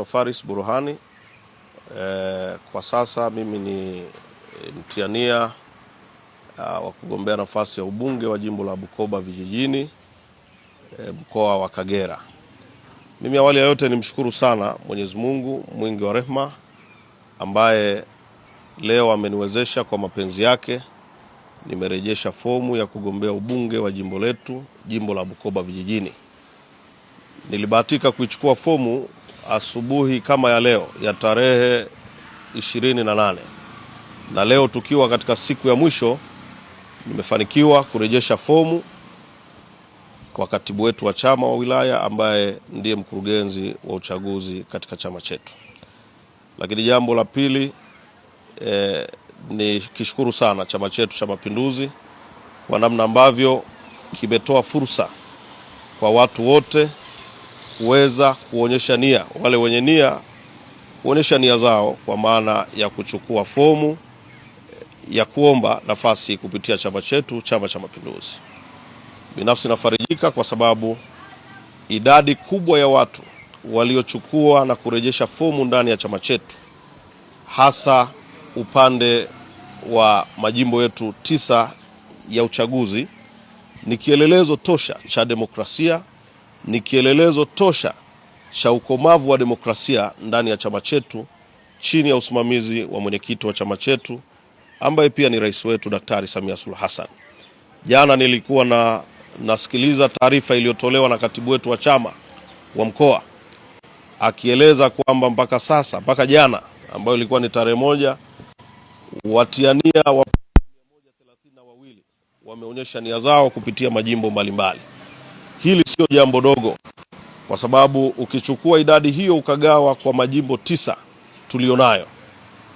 Faris Burhani eh, kwa sasa mimi ni eh, mtiania ah, wa kugombea nafasi ya ubunge wa jimbo la Bukoba vijijini eh, mkoa wa Kagera. Mimi awali ya yote nimshukuru sana Mwenyezi Mungu mwingi wa rehema ambaye leo ameniwezesha kwa mapenzi yake nimerejesha fomu ya kugombea ubunge wa jimbo letu, jimbo la Bukoba vijijini. Nilibahatika kuichukua fomu asubuhi kama ya leo ya tarehe 28 na leo tukiwa katika siku ya mwisho, nimefanikiwa kurejesha fomu kwa katibu wetu wa chama wa wilaya ambaye ndiye mkurugenzi wa uchaguzi katika chama chetu. Lakini jambo la pili eh, ni kishukuru sana chama chetu cha Mapinduzi kwa namna ambavyo kimetoa fursa kwa watu wote kuweza kuonyesha nia, wale wenye nia kuonyesha nia zao kwa maana ya kuchukua fomu eh, ya kuomba nafasi kupitia chama chetu, Chama cha Mapinduzi. Binafsi nafarijika kwa sababu idadi kubwa ya watu waliochukua na kurejesha fomu ndani ya chama chetu hasa upande wa majimbo yetu tisa ya uchaguzi ni kielelezo tosha cha demokrasia ni kielelezo tosha cha ukomavu wa demokrasia ndani ya chama chetu chini ya usimamizi wa mwenyekiti wa chama chetu ambaye pia ni rais wetu Daktari Samia Suluhu Hassan. Jana nilikuwa na nasikiliza taarifa iliyotolewa na katibu wetu wa chama wa mkoa akieleza kwamba mpaka sasa, mpaka jana ambayo ilikuwa ni tarehe moja, watiania wa 132 wameonyesha nia zao kupitia majimbo mbalimbali. Hili sio jambo dogo, kwa sababu ukichukua idadi hiyo ukagawa kwa majimbo tisa tulionayo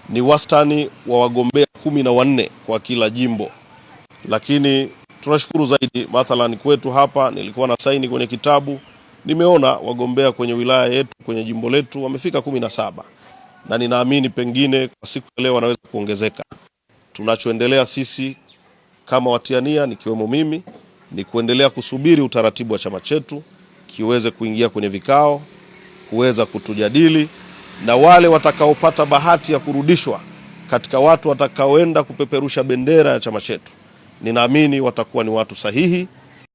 ni wastani wa wagombea kumi na wanne kwa kila jimbo. Lakini tunashukuru zaidi, mathalan kwetu hapa nilikuwa na saini kwenye kitabu, nimeona wagombea kwenye wilaya yetu, kwenye jimbo letu wamefika kumi na saba na ninaamini pengine kwa siku ya leo wanaweza kuongezeka. Tunachoendelea sisi kama watiania, nikiwemo mimi ni kuendelea kusubiri utaratibu wa chama chetu kiweze kuingia kwenye vikao kuweza kutujadili, na wale watakaopata bahati ya kurudishwa katika watu watakaoenda kupeperusha bendera ya chama chetu, ninaamini watakuwa ni watu sahihi